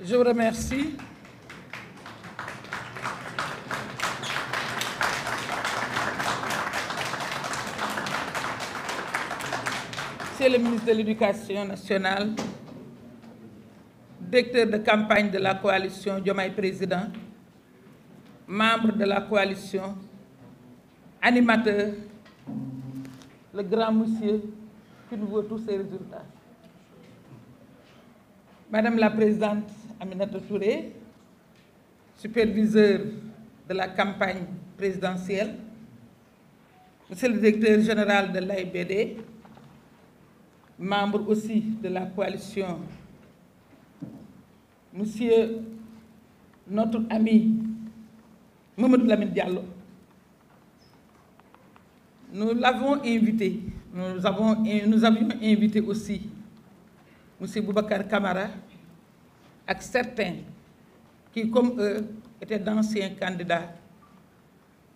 Je vous remercie. Monsieur le ministre de l'Éducation nationale, directeur de campagne de la coalition Diomaye Président, membre de la coalition, animateur, le grand monsieur qui nous voit tous ces résultats. Madame la Présidente Aminata Touré, superviseur de la campagne présidentielle, Monsieur le directeur général de l'AIBD, membre aussi de la coalition, Monsieur notre ami Mamadou Lamine Diallo. Nous l'avons invité, nous, avons, nous avions invité aussi Monsieur Boubacar Kamara, ak certains qui comme eux étaient d'anciens candidats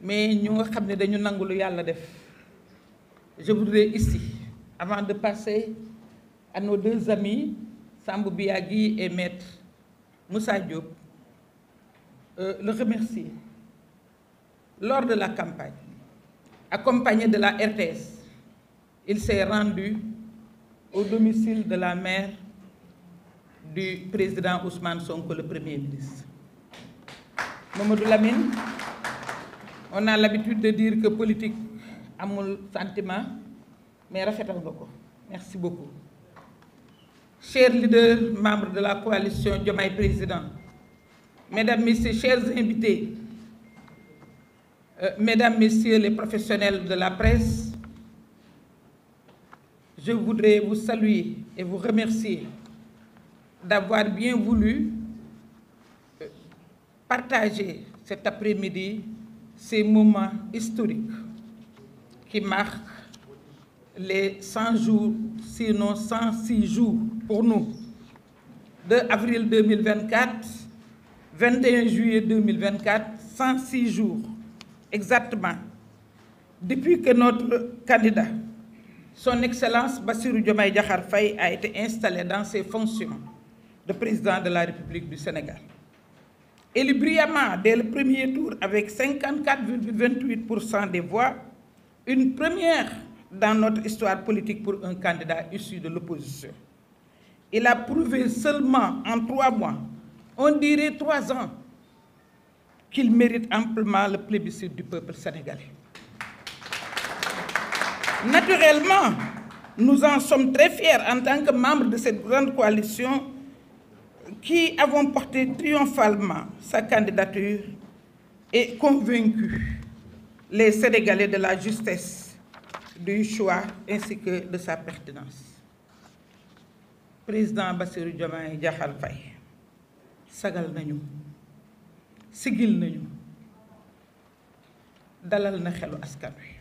mais ñu nga xam ne dañu nangu lu yàlla def je voudrais ici avant de passer à nos deux amis Sambou Biagui et maître Moussa Diop euh, le remercier lors de la campagne accompagné de la RTS il s'est rendu au domicile de la mère du président Ousmane Sonko, le Premier ministre. Mamadou Lamine, on a l'habitude de dire que politique amul sentiment mais rafetal nga ko merci beaucoup. Chers leaders, membre de la coalition Diomaye Président, mesdames, messieurs, chers invités, euh, mesdames, messieurs les professionnels de la presse, je voudrais vous saluer et vous remercier d'avoir bien voulu euh, partager cet après-midi ces moments historiques qui marquent les 100 jours, sinon 106 jours pour nous. 2 avril 2024, 21 juillet 2024, 106 jours exactement. Depuis que notre candidat, son Excellence Bassirou Diomaye Diakhar Faye, a été installé dans ses fonctions, le président de la République du Sénégal. Élu brillamment dès le premier tour avec 54,28% des voix, une première dans notre histoire politique pour un candidat issu de l'opposition. Il a prouvé seulement en trois mois, on dirait trois ans, qu'il mérite amplement le plébiscite du peuple sénégalais. Naturellement, nous en sommes très fiers en tant que membres de cette grande coalition qui avons porté triomphalement sa candidature et convaincu les Sénégalais de la justesse du choix ainsi que de sa pertinence. Président Bassirou Diomaye Diakhar Faye sagal nañu sigil nañu dalal na xelu askan wi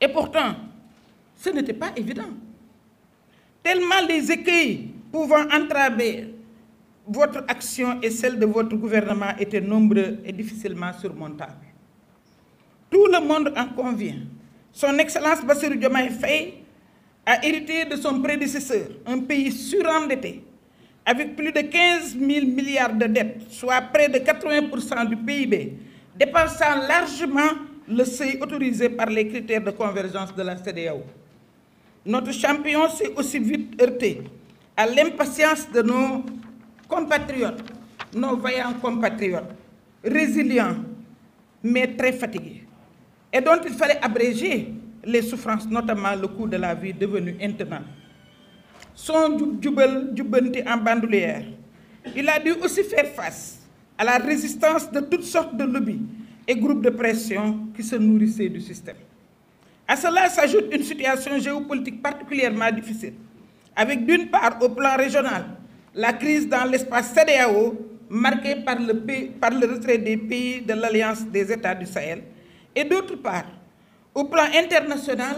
et pourtant ce n'était pas évident tellement les écueils pouvant entraver votre action et celle de votre gouvernement étaient nombreux et difficilement surmontables. Tout le monde en convient. Son Excellence Bassirou Diomaye Faye a hérité de son prédécesseur un pays surendetté avec plus de 15 000 milliards de dettes, soit près de 80 du PIB, dépassant largement le seuil autorisé par les critères de convergence de la CEDEAO. Notre champion s'est aussi vite heurté à l'impatience de nos compatriotes, nos vaillants compatriotes, résilients, mais très fatigués, et dont il fallait abréger les souffrances, notamment le coût de la vie devenu intenable. Son jubal Djoubanti en bandoulière, il a dû aussi faire face à la résistance de toutes sortes de lobbies et groupes de pression qui se nourrissaient du système. À cela s'ajoute une situation géopolitique particulièrement difficile, avec d'une part au plan régional la crise dans l'espace CEDEAO, marquée par le, par le retrait des pays de l'Alliance des États du Sahel, et d'autre part, au plan international,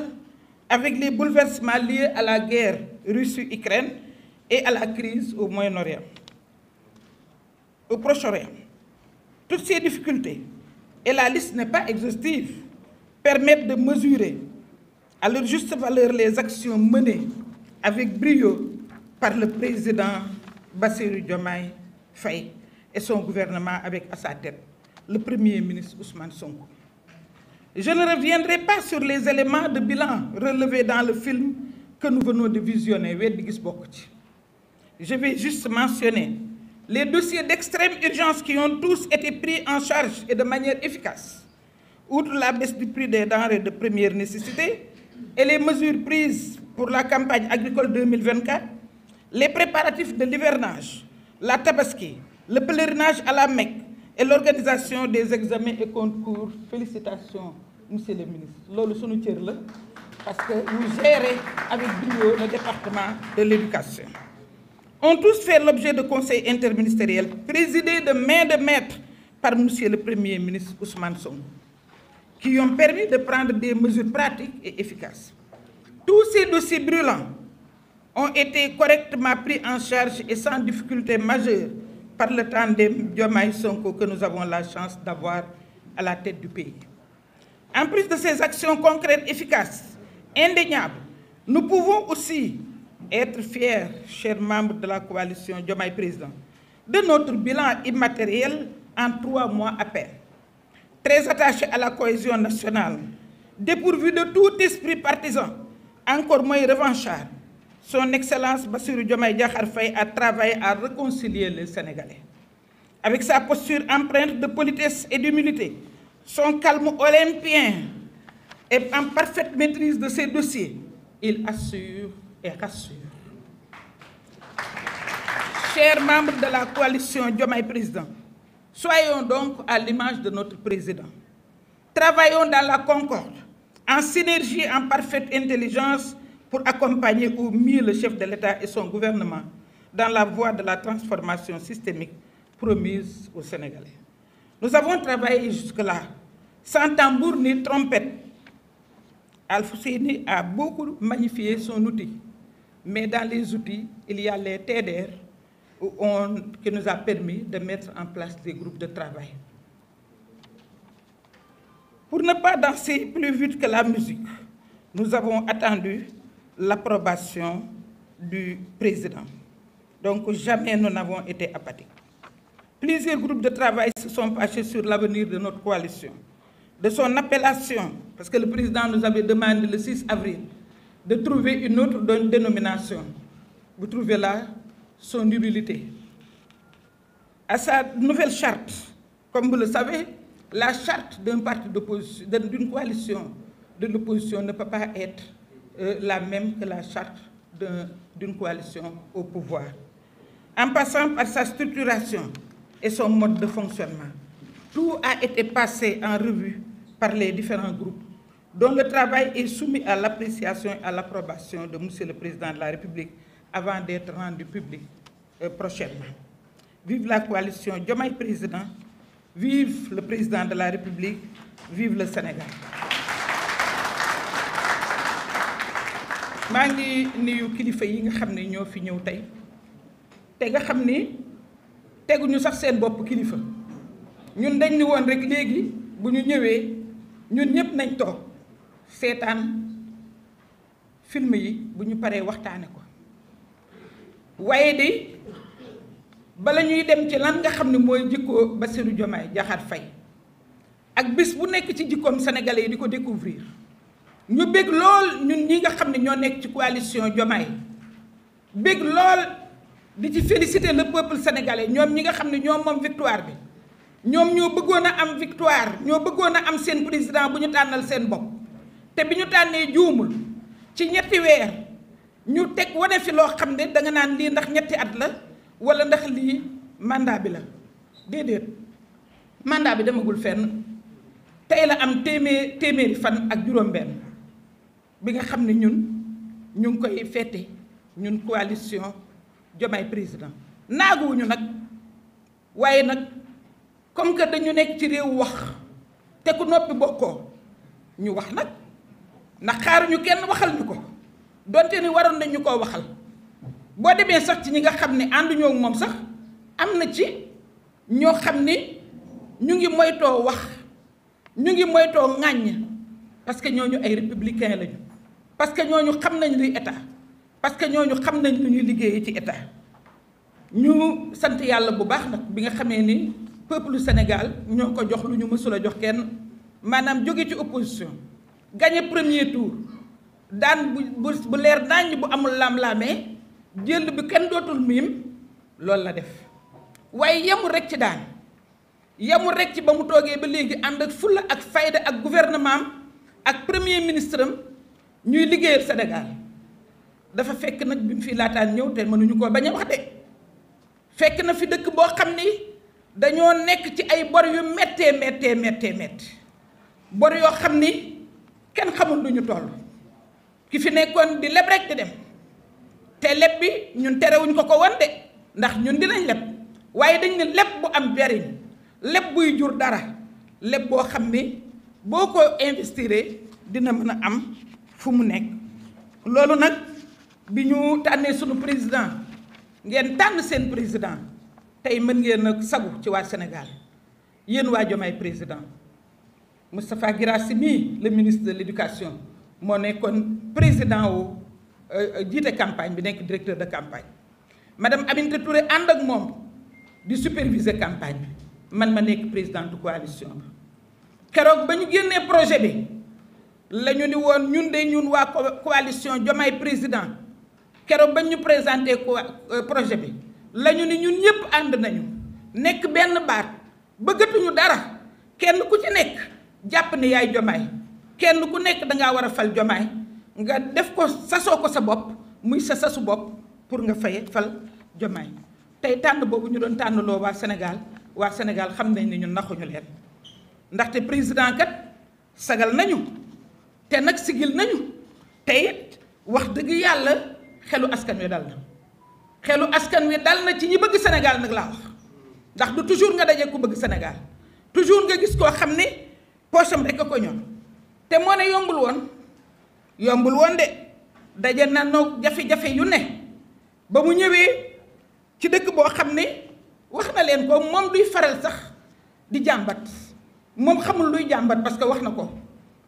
avec les bouleversements liés à la guerre Russie-Ukraine et à la crise au Moyen-Orient, au Proche-Orient. Toutes ces difficultés, et la liste n'est pas exhaustive, permettent de mesurer à leur juste valeur les actions menées avec brio par le président Bassirou Diomaye Faye et son gouvernement avec à sa tête le Premier ministre Ousmane Sonko. Je ne reviendrai pas sur les éléments de bilan relevés dans le film que nous venons de visionner, Weddi Gis Bokk Ci. Je vais juste mentionner les dossiers d'extrême urgence qui ont tous été pris en charge et de manière efficace, outre la baisse du prix des denrées de première nécessité et les mesures prises pour la campagne agricole 2024, les préparatifs de l'hivernage, la tabaski, le pèlerinage à la Mecque et l'organisation des examens et concours. Félicitations, monsieur le ministre. Lolo Sounoutir, parce que vous gérez avec brio le département de l'éducation. Ont tous fait l'objet de conseils interministériels présidés de mai de maître par monsieur le Premier ministre Ousmane Sonko, qui ont permis de prendre des mesures pratiques et efficaces. Tous ces dossiers brûlants ont été correctement pris en charge et sans difficulté majeure par le tandem Diomaye Sonko que nous avons la chance d'avoir à la tête du pays. En plus de ces actions concrètes efficaces, indéniables, nous pouvons aussi être fiers, chers membres de la coalition Diomaye Président, de notre bilan immatériel en trois mois à peine. Très attaché à la cohésion nationale, dépourvu de tout esprit partisan, encore moins revanchard, Son Excellence Bassirou Diomaye Diakhar Faye à travaillé à réconcilier les Sénégalais. Avec sa posture empreinte de politesse et d'humilité, son calme olympien et en parfaite maîtrise de ses dossiers, il assure et rassure. Chers membres de la coalition Diomaye Président, soyons donc à l'image de notre président. Travaillons dans la concorde, en synergie, en parfaite intelligence pour accompagner au mieux le chef de l'État et son gouvernement dans la voie de la transformation systémique promise aux Sénégalais. Nous avons travaillé jusque-là sans ni trompette. Alfousséni a beaucoup magnifié son outil, mais dans les outils, il y a les TDR où on, qui nous a permis de mettre en place des groupes de travail. Pour ne pas danser plus vite que la musique, nous avons attendu l'approbation du président. Donc jamais nous n'avons été apathiques. Plusieurs groupes de travail se sont penchés sur l'avenir de notre coalition, de son appellation, parce que le président nous avait demandé le 6 avril de trouver une autre dénomination. Vous trouvez là son humilité. À sa nouvelle charte, comme vous le savez, la charte d'un parti d'opposition, d'une coalition de l'opposition ne peut pas être Euh, la même que la charte d'une un, coalition au pouvoir. En passant par sa structuration et son mode de fonctionnement, tout a été passé en revue par les différents groupes dont le travail est soumis à l'appréciation et à l'approbation de Monsieur le Président de la République avant d'être rendu public euh, prochainement. Vive la coalition Diomaye Président, vive le Président de la République, vive le Sénégal. maa ngi nuyu kilifa yi nga xam ne ñoo fi ñëw tey te nga xam ni teguñu sax seen bopp kilifa ñun dañ ni woon rek léegi bu ñu ñëwee ñun ñëpp nañ toog seetaan film yi bu ñu paree waxtaane ko waaye de bala ñuy dem ci lan nga xam ne mooy ba Bassirou Diomaye Diakhar fay ak bis bu nekk ci jikkoom sénégalais yi di ko découvrir ñu bëgg lool ñun ñi nga xam ne ñoo nekk ci coalition Diomaye bëgg lool di ci féliciter le peuple sénégalais ñoom ñi nga xam ne ñoom moom victoire bi ñoom ñoo bëggoon a am victoire ñoo bëggoon a am seen président bu ñu tànnal seen bopp te bi ñu tànnee juumul ci ñetti weer ñu teg wane fi loo xam ne danga naan lii ndax ñetti at la walla ndax lii mandat bi la déedéet mandat bi demagul fenn tey la am téeméer téeméeri fan ak juróom-benn. bi nga xam ne ñun ñu ngi koy fête ñun coalition Diomaye président naaguwuñu nag waaye nag comme que dañu nekk ci réew wax te ku noppi bokkoo ñu wax nag ndax xaaruñu kenn waxal ñu ko donte ni waroon nañ ñu ko waxal boo demee sax ci ñi nga xam ne ànduñoo moom sax am na ci ñoo xam ni ñu ngi moytoo wax ñu ngi moytoo ŋàññ parce que ñooñu ay républicain lañu parce que ñooñu xam nañ luy état parce que ñooñu xam nañ lu ñuy liggéeyee ci état ñu sant yàlla bu baax nag bi nga xamee ni peuple Sénégal ñoo ko jox lu ñu mësul a jox kenn maanaam jóge ci opposition gagné premier tour daan bu bu leer naññ bu amul laam-laamee jël bi kenn dootul miim loolu la def waaye yemul rek ci daan yemul rek ci ba mu toogee ba léegi ànd ak fulla ak fayda ak gouvernement ak premier ministre am ñuy liggéeyal senegal dafa fekk nag bi mu fi laataan ñëw te mënuñu koo bañ a wax de fekk na fi dëkk boo xam ni dañoo nekk ci ay bor yu méttee méttee méttee métti bor yoo xam ni kenn xamul du ñu toll ki fi nekkoon di leb rek di dem te leb bi ñun terewuñ ko ko woon de ndax ñun dinañ leb waaye dañ ne leb bu am beriñ leb buy jur dara leb boo xam ni boo ko investiree dina mën a am fu mu nekk loolu nag bi ñu tànnee suñu président ngeen tànn seen président tey mën ngeen nag sagu ci waa Sénégal yéen waa Diomaye président Moustapha Guirassy mii le ministre de l'éducation moo nekkoon président wu euh, jiite campagne bi nekk directeur de campagne madame Aminata Touré ànd ak moom di superviser campagne bi man ma nekk présidente coalition bi keroog ba ñu génnee projet bi la ñu ni woon ñun de ñun waa coalition Diomaye président keroog bañ ñu présenté euh, projet bi la ñu ni ñun ñëpp ànd nañu nekk benn baat bëggatuñu dara kenn ku ci nekk jàpp ni yaay Diomaye kenn ku nekk dangaa war a fal Diomaye nga def ko sasoo ko sa bopp muy sa sasu bopp pour nga fay fal Diomaye tey tànn boobu ñu doon tànn loo waa Sénégal waa Sénégal xam nañ ne ñun naxuñu leen ndaxte président kat sagal nañu te nag sigil nañu te it wax dëgg yàlla xelu askan wi dal na xelu askan wi dal na ci ñi bëgg Sénégal nag laa wax ndax du toujours nga daje ku bëgg Sénégal toujours nga gis koo xam ne poosam rek a ko ñor te moo ne yombul woon yombul woon de daje na noo jafe-jafe yu ne ba mu ñëwee ci dëkk boo xam ne wax na leen ko moom luy faral sax di jàmbat moom xamul luy jàmbat parce que wax na ko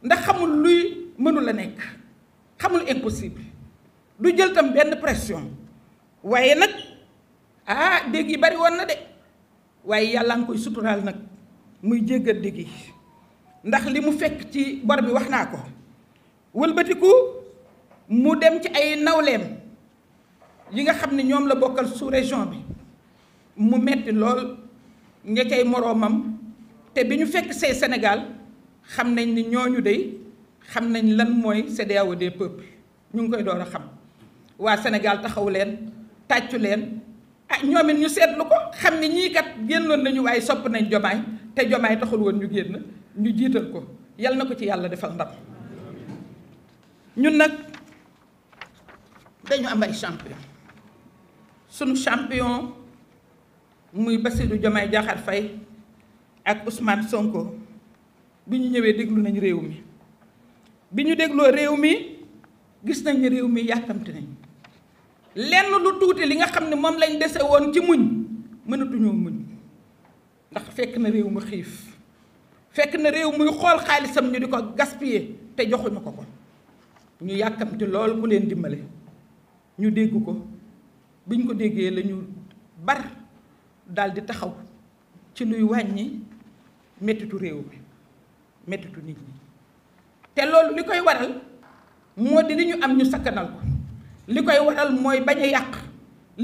ndax xamul luy mënula nekk xamul impossible du jël tam benn pression waaye nag ah dégg yi bari woon na de waaye yàlla nga koy suturaal nag muy jéggal dégg yi ndax li mu fekk ci bor bi wax naa ko wëlbatiku mu dem ci ay nawleem yi nga xam ne ñoom la bokkal su région bi mu metti lool nga cay moroomam te bi ñu fekk see Sénégal xam nañ ni ñooñu day xam nañ lan mooy CEDEAO des peuples ñu ngi koy doon a xam waa Sénégal taxaw leen tàccu leen ah ñoom it ñu seetlu ko xam ne ñii kat génnoon nañu waaye sopp nañ jomaay te jomaay taxul woon ñu génn ñu jiital ko yal na ko ci yàlla defal ndam ñun nag dañu am ay champion suñ champion muy Bassirou jomaay Diakhar fay ak Ousmane Sonko bi ñu ñëwee déglu nañ réew mi bi ñu dégloo réew mi gis nañ ne réew mi yàkkamti nañ lenn lu tuuti li nga xam ne moom lañ dese woon ci muñ mënatuñoo muñ ndax fekk na réew mu xiif fekk na réew muy xool xaalisam ñu di ko gaspiller te joxuñu ko ko ñu yàkkamti lool ku leen dimbale ñu dégg ko biñ ko déggee la ñu bar daldi taxaw ci luy wàññi mettitu réew mi méttitu nit ñi te loolu li koy waral moo di li ñu am ñu sakkanal ko li koy waral mooy bañ a yàq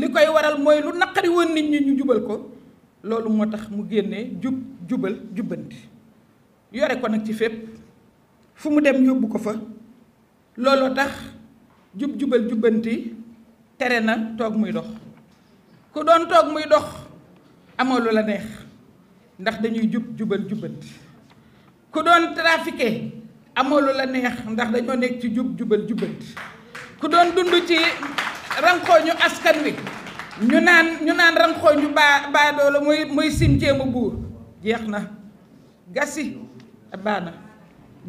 li koy waral mooy lu naqari woon nit ñi ñu jubal ko loolu moo tax mu génnee jub jubal jubbanti yore ko nag ci fépp fu mu dem yóbbu ko fa looloo tax jub jubal jubanti tere na toog muy dox ku doon toog muy dox amoo la neex ndax dañuy jub jubal jubbanti ku doon trafiqué amoo la neex ndax dañoo nekk ci jub jubal jubal ku doon dund ci ranxooñu askan wi ñu naan ñu naan ranxooñu baa baa doole muy muy cimetière bu buur jeex na gasi baana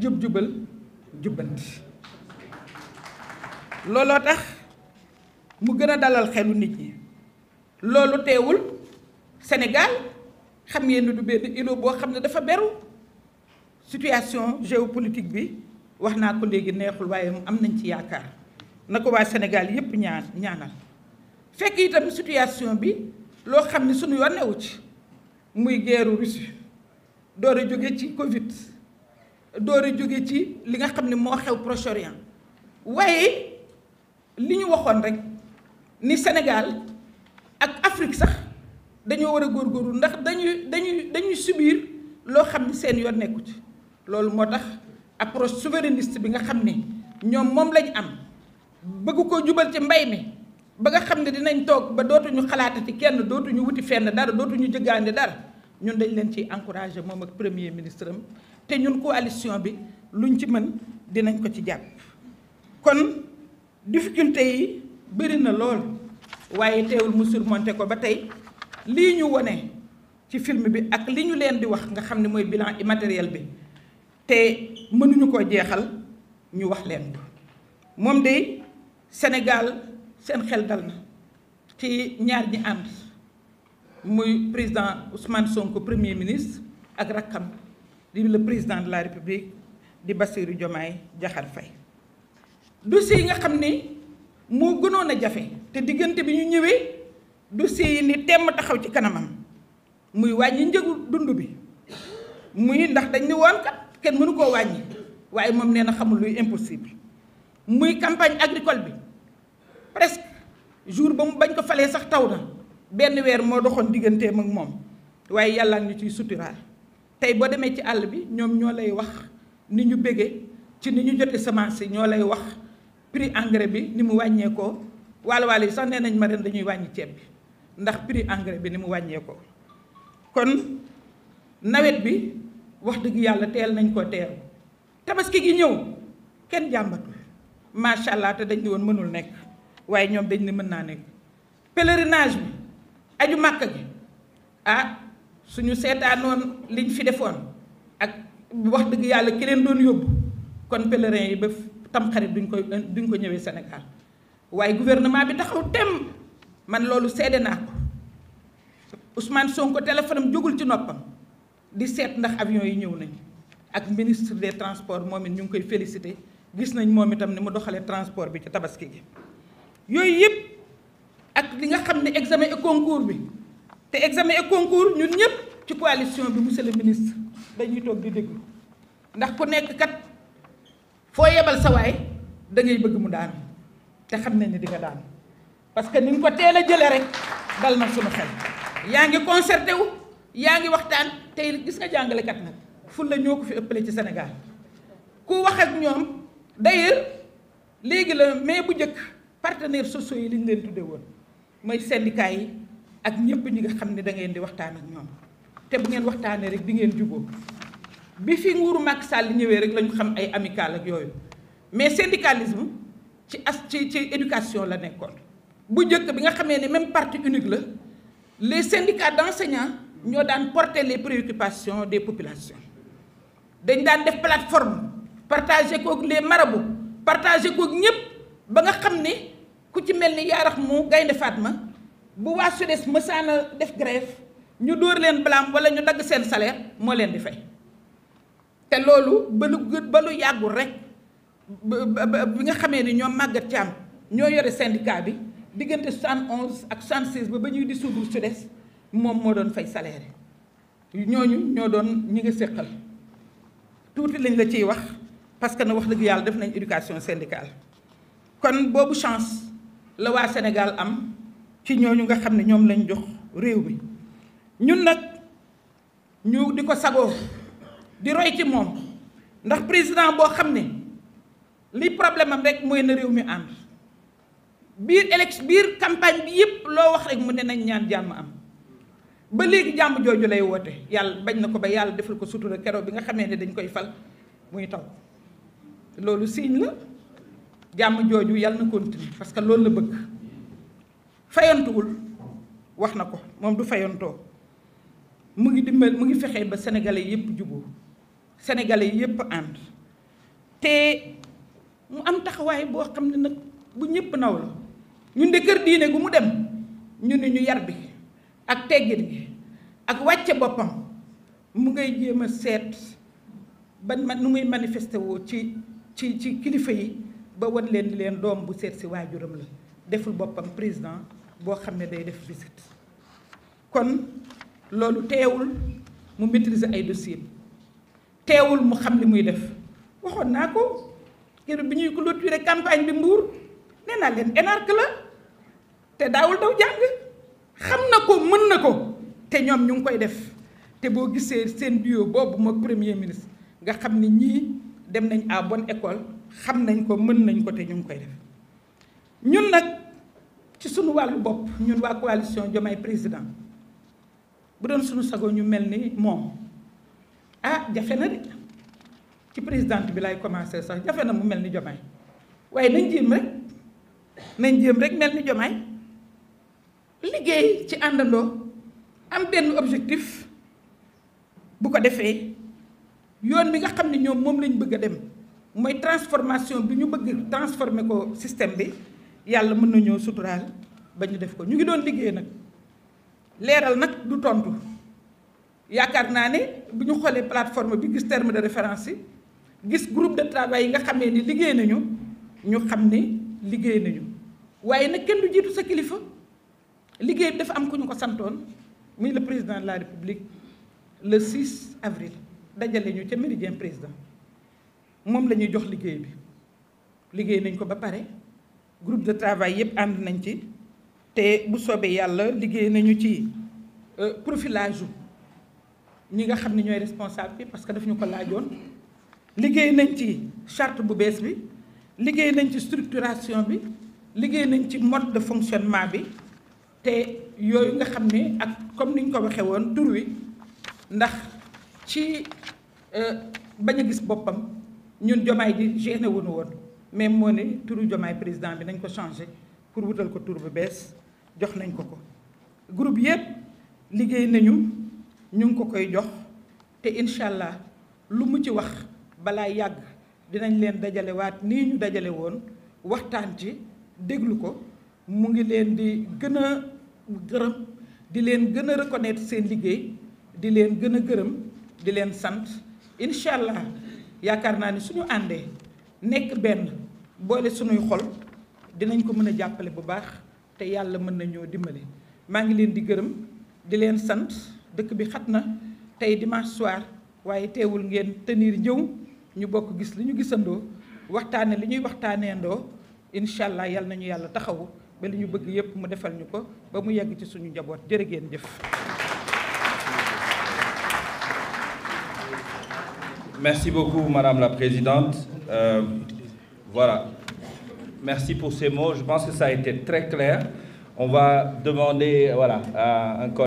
jub jubal jubbanti looloo tax mu gën a dalal xelu nit ñi loolu teewul senegaal xam ngeen ni du benn îlot boo xam ne dafa beru situation géopolitique bi wax naa ko léegi neexul waaye am nañ ci yaakaar na ko waa Sénégal yépp ñaan ñaanal fekk itam situation bi loo xam ne suñu yoon newu ci muy guerre Russie door a jóge ci Covid door a jóge ci li nga xam ne moo xew Proche-Orient waaye li ñu waxoon rek ni Sénégal ak Afrique sax dañoo war a góor góorgóorlu ndax dañuy dañuy dañuy subir loo xam ne seen yoon nekku ci loolu moo tax approche souverainiste bi nga xam ni ñoom moom lañ am bëgg koo jubal ci mbay mi ba nga xam ne dinañ toog ba dootuñu ci kenn dootuñu wuti fenn dara dootuñu jëggaandi dara ñun dañ leen ci encouragé moom ak premier ministre am te ñun coalition bi lu luñ ci mën dinañ ko ci jàpp. kon difficulté yi bëri na lool waaye teewul mu surmonté ko ba tey lii ñu wone ci film bi ak li ñu leen di wax nga xam ne mooy bilan immatériel bi. te mënuñu ko jeexal ñu wax leen ko moom de Sénégal seen xel dal na ci ñaar ñi ànd muy président Ousmane sonk premier ministre ak rakkam di le président de la République di Bassirou Diomaye Diakhar Faye dossier yi nga xam ni moo gënoon a jafe te diggante bi ñu ñëwee dossier si ni temm taxaw ci kanamam muy wàññi njëgu dund bi muy ndax dañ ni woon kenn mënu koo wàññi waaye moom nee na xamul luy impossible muy campagne agricole bi presque jour ba mu bañ ko falee sax taw na benn weer moo doxoon digganteem ak moom waaye yàlla ñu ciy suturaal tey boo demee ci àll bi ñoom ñoo lay wax ni ñu bëggee ci ni ñu jotee semence yi ñoo lay wax prix engrais bi ni mu wàññeekoo waalo waalo yi sax nee nañ ma ren dañuy wàññi ceeb bi ndax prix engrais bi ni mu wàññeekoo kon nawet bi. wax dëgg yàlla teel nañ ko teel tabaski gi ñëw kenn jàmbatul macha allah te dañ di woon mënul nekk waaye ñoom dañ ne mën naa nekk pèlerinage bi aju màkk gi ah suñu seetaanoon liñ fi defoon ak wax dëgg yàlla keneen doon yóbbu kon pèlerin yi ba tamxarit duñ ko duñ ko ñëwee senegal waaye gouvernement bi taxaw tem man loolu seede naa ko Ousmane Sonko téléphone am jógul ci noppam. di seet ndax avion yi ñëw nañ ak ministre des transport moom it ñu ngi koy félicité gis nañ moom itam ni mu doxalee transport bi ci tabaski gi yooyu yëpp ak li nga xam ne examen et concours bi te examen et concours ñun ñëpp ci coalition bi mu le ministre dañuy toog di déglu ndax ku nekk kat foo yebal sa waay da ngay bëgg mu daan te xam nañ ne di nga daan parce que ni nga ko teel a jëlee rek dal na suñu xel yaa ngi concerté wu. yaa ngi waxtaan tey gis nga jàngalekat nag ful la ñoo ko fi ëppale ci senegal ku wax ak ñoom d'ailleurs léegi la mais bu njëkk partenaires sociaux yi liñ leen tudde woon mooy syndicats yi ak ñëpp ñi nga xam ne da ngeen di waxtaan ak ñoom te bu ngeen waxtaanee rek di ngeen juboo bi fi nguuru Macky Sall ñëwee rek lañu xam ay amical ak yooyu mais syndicalisme ci as ci ci éducation la nekkoon bu njëkk bi nga xamee ne même parti unique la les syndicats d'enseignants ñoo daan porté les préoccupations des populations dañ daan def plateforme partager kook les marabouts partager kook ñëpp ba nga xam ni ku ci mel ni yaarax mu gaynde ma bu waa SUDES mësaan a def grève ñu dóor leen blâme wala ñu dagg seen salaire moo leen di fay te loolu ba lu ba lu yàggul rek bi nga xamee ni ñoom màggat ci ñoo yore syndicat bi diggante soixante-onze ak soixante-seize ba ba ñuy dissoudre des moom moo doon fay salaire ñooñu ñoo doon ñi nga séqal tuuti lañ la ciy wax parce que na wax dëgg yàlla def nañ éducation syndicale kon boobu chance la waa Sénégal am ci ñooñu nga xam ne ñoom lañ jox réew mi ñun nag ñu di ko sagoo di roy ci moom ndax président boo xam ne li problème am rek mooy na réew mi ànd biir élection biir campagne bi yëpp loo wax rek mu ne nañ ñaan jàmm am ba léegi jàmm jooju lay woote yàlla bañ na ko ba yàlla defal ko sutura keroog bi nga xamee ne dañ koy fal muy taw loolu signe la jàmm jooju yàlla na continuer parce que loolu la bëgg fayantuwul wax na ko moom du fayantoo mu ngi dimbal mu ngi fexee ba sénégalais yépp juboo sénégalais yépp ànd te mu am taxawaay boo xam ne nag bu ñëpp naw la ñun de kër diine gu mu dem ñu ne ñu yar bi ak teggin gi ak wàcce boppam mu ngay jéem a seet ban man nu muy manifesté woo ci ci ci kilifa yi ba wan leen di leen doom bu seet si waajuram la deful boppam président boo xam ne day def visite kon loolu teewul mu maîtriser ay dossier teewul mu xam li muy def waxoon naa ko kër bi ñuy clôturer campagne bi mbuur nee naa leen énarque la te daawul daw jàng xam na ko mën na ko te ñoom ñu ngi koy def te boo gisee seen duo boobu moog premier ministre nga xam ni ñii dem nañ à bon école xam nañ ko mën nañ ko te ñu ngi koy def ñun nag ci suñu wàllu bopp ñun waa coalition Diomaye président bu doon suñu sago ñu mel ni moom ah jafe na de ci présidente bi lay commencé sax jafe na mu mel ni Diomaye waaye nañ jéem rek nañ jéem rek mel ni Diomaye liggéey ci àndandoo am benn objectif bu ko defee yoon bi nga xam ne ñoom moom lañ bëgg a dem mooy transformation bi ñu bëgg transformer ko système bi yàlla mën na ñëw suturaal ba ñu def ko ñu ngi doon liggéey nag leeral nag du tontu yaakaar naa ne bu ñu xoolee plateforme bi gis terme de référence gis groupe de travail yi nga xamee ni liggéey nañu ñu xam ne liggéey nañu waaye nag kenn du jiitu sa kilifa. liggéey bi dafa am ku ñu ko santoon muy la président de la république le 6 avril dajale ñu ca méridien président moom la ñuy jox liggéey bi liggéey nañ ko ba pare groupe de travail yëpp ànd nañ ci te bu soobee yàlla liggéey nañu ci euh, profilage ñi nga xam ne ñooy responsable bi parce que daf ñu ko laajoon liggéey nañ ci charte bu bees bi liggéey nañ ci structuration bi liggéey nañ ci mode de fonctionnement bi te yooyu nga xam ne ak comme niñ ko waxee woon tur wi ndax ci euh, bañ a gis boppam ñun jomaay ji génne wuñu woon mais moo ne turu jomaay président bi nañ ko changé pour wutal ko tur bu bees jox nañ ko ko groupe yëpp liggéey nañu ñu ngi ko koy jox te incha allah lu mu ci wax balaa yàgg dinañ leen dajalewaat waat nii ñu dajale woon waxtaan ci déglu ko mu ngi leen di gën gërëm di leen gën a reconnaître seen liggéey di leen gën a gërëm di leen sant incha allah yaakaar naa ni suñu àndee nekk benn boole suñuy xol dinañ ko mën a jàppale bu baax te yàlla mën nañoo dimbale maa ngi leen di gërëm di leen sant dëkk bi xat na tey dimanche soir waaye teewul ngeen tenir jëw ñu bokk gis li ñu gisandoo waxtaane li ñuy waxtaaneendoo incha allah yal nañu yàlla taxawu ba li ñu bëgg yépp mu defal ñu ko ba mu yegg ci suñu njaboot jërë ngeen jëf Merci beaucoup, Madame la Présidente. Euh, voilà. Merci pour ces mots. Je pense que ça a été très clair. On va demander voilà, à un